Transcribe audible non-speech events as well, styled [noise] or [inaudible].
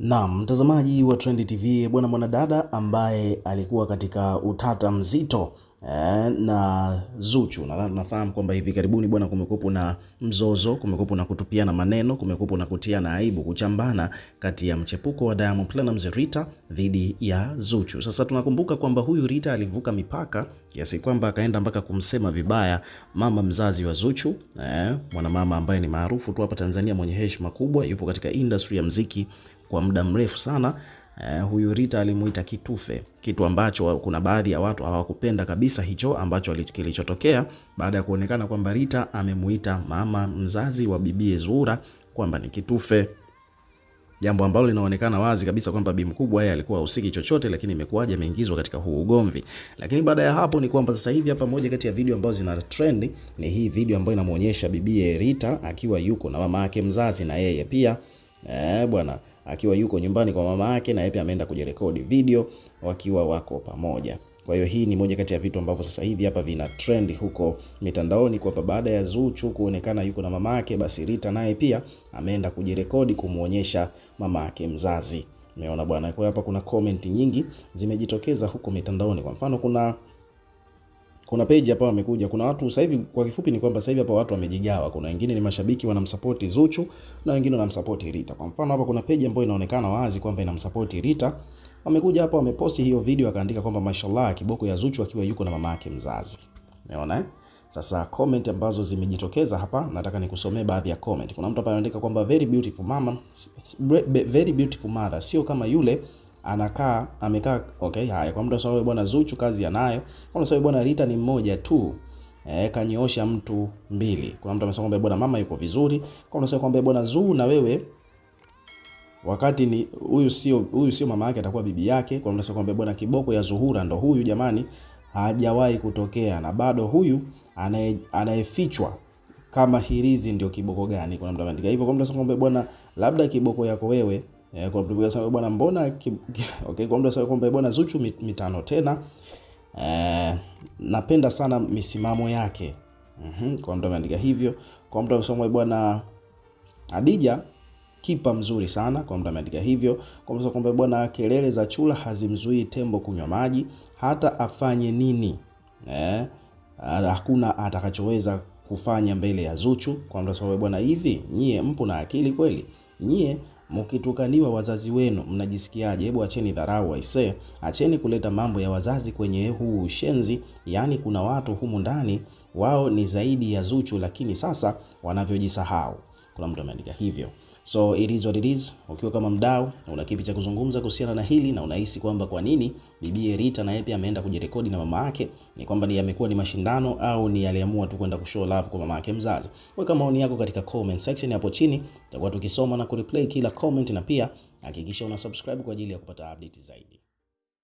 Naam, mtazamaji wa Trend TV, bwana mwanadada ambaye alikuwa katika utata mzito eh, na Zuchu. Nadhani tunafahamu kwamba hivi karibuni bwana, kumekuwepo na mzozo, kumekuwepo na kutupiana maneno, kumekuwepo na kutiana aibu, kuchambana kati ya mchepuko wa Diamond Platnumz Rita dhidi ya Zuchu. Sasa tunakumbuka kwamba huyu Rita alivuka mipaka kiasi kwamba akaenda mpaka kumsema vibaya mama mzazi wa Zuchu eh, mwanamama ambaye ni maarufu tu hapa Tanzania, mwenye heshima kubwa, yupo katika industry ya mziki kwa muda mrefu sana. Eh, huyu Rita alimuita kitufe, kitu ambacho kuna baadhi ya watu hawakupenda kabisa hicho ambacho kilichotokea baada ya kuonekana kwamba Rita amemuita mama mzazi wa bibie Zura kwamba ni kitufe, jambo ambalo linaonekana wazi kabisa kwamba bi mkubwa yeye alikuwa hahusiki chochote, lakini imekuwaje ameingizwa katika huu ugomvi. Lakini baada ya hapo ni kwamba sasa hivi hapa, moja kati ya video ambazo zina trend ni hii video ambayo inamuonyesha bibie Rita akiwa yuko na mama yake mzazi na yeye pia eh, bwana akiwa yuko nyumbani kwa mama yake, na yeye pia ameenda kujirekodi video wakiwa wako pamoja. Kwa hiyo hii ni moja kati ya vitu ambavyo sasa hivi hapa vina trend huko mitandaoni kwamba baada ya Zuchu kuonekana yuko na mama yake, basi Rita naye pia ameenda kujirekodi kumwonyesha mama yake mzazi. Umeona bwana, kwa hapa kuna comment nyingi zimejitokeza huko mitandaoni. Kwa mfano kuna kuna page hapa wamekuja, kuna watu sasa hivi. Kwa kifupi ni kwamba sasa hivi hapa watu wamejigawa. Kuna wengine ni mashabiki wanamsupport Zuchu na wengine wanamsupport Rita. Kwa mfano hapa kuna page ambayo inaonekana wazi kwamba inamsupport Rita. Wamekuja hapa wameposti hiyo video, akaandika kwamba mashallah, kiboko ya Zuchu akiwa yuko na mama yake mzazi. Umeona eh? Sasa comment ambazo zimejitokeza hapa, nataka nikusomee baadhi ya comment. Kuna mtu hapa anaandika kwamba very beautiful mama, very beautiful mother, sio kama yule anakaa amekaa okay, haya kwa mtu sababu bwana Zuchu kazi anayo, kwa sababu bwana Rita ni mmoja tu eh, kanyoosha mtu mbili. Kuna mtu amesema kwamba bwana mama yuko vizuri, kwa mtu kwamba bwana Zuu na wewe wakati ni huyu sio huyu sio mama yake, atakuwa bibi yake. Kwa mtu asema kwamba bwana kiboko ya Zuhura ndo huyu, jamani, hajawahi kutokea na bado huyu anayefichwa kama hirizi ndio kiboko gani? Kuna mtu ameandika hivyo. Kwa mtu asema kwamba bwana labda kiboko yako wewe Eh, kwa mtu mmoja bwana mbona ki, [laughs] okay, kwa mtu kwamba bwana Zuchu mitano tena. Eh, napenda sana misimamo yake. Mhm, mm, kwa mtu ameandika hivyo. Kwa mtu amesema bwana Adija kipa mzuri sana, kwa mtu ameandika hivyo. Kwa mtu kwamba bwana kelele za chula hazimzuii tembo kunywa maji hata afanye nini. Eh, ah, hakuna atakachoweza kufanya mbele ya Zuchu. Kwa mtu asema bwana hivi nyie mpo na akili kweli? Nyie Mkitukaniwa wazazi wenu mnajisikiaje? Hebu acheni dharau waise acheni kuleta mambo ya wazazi kwenye huu ushenzi. Yaani kuna watu humu ndani wao ni zaidi ya Zuchu, lakini sasa wanavyojisahau. Kuna mtu ameandika hivyo. So it is what it is. Ukiwa kama mdau una kipi cha kuzungumza kuhusiana na hili na unahisi kwamba kwa nini bibi Rita naye pia ameenda kujirekodi na mama yake, ni kwamba ni yamekuwa ni mashindano au ni aliamua tu kwenda kushow love kwa mama yake mzazi? Weka maoni yako katika comment section hapo chini, tutakuwa tukisoma na kureplay kila comment, na pia hakikisha una subscribe kwa ajili ya kupata update zaidi.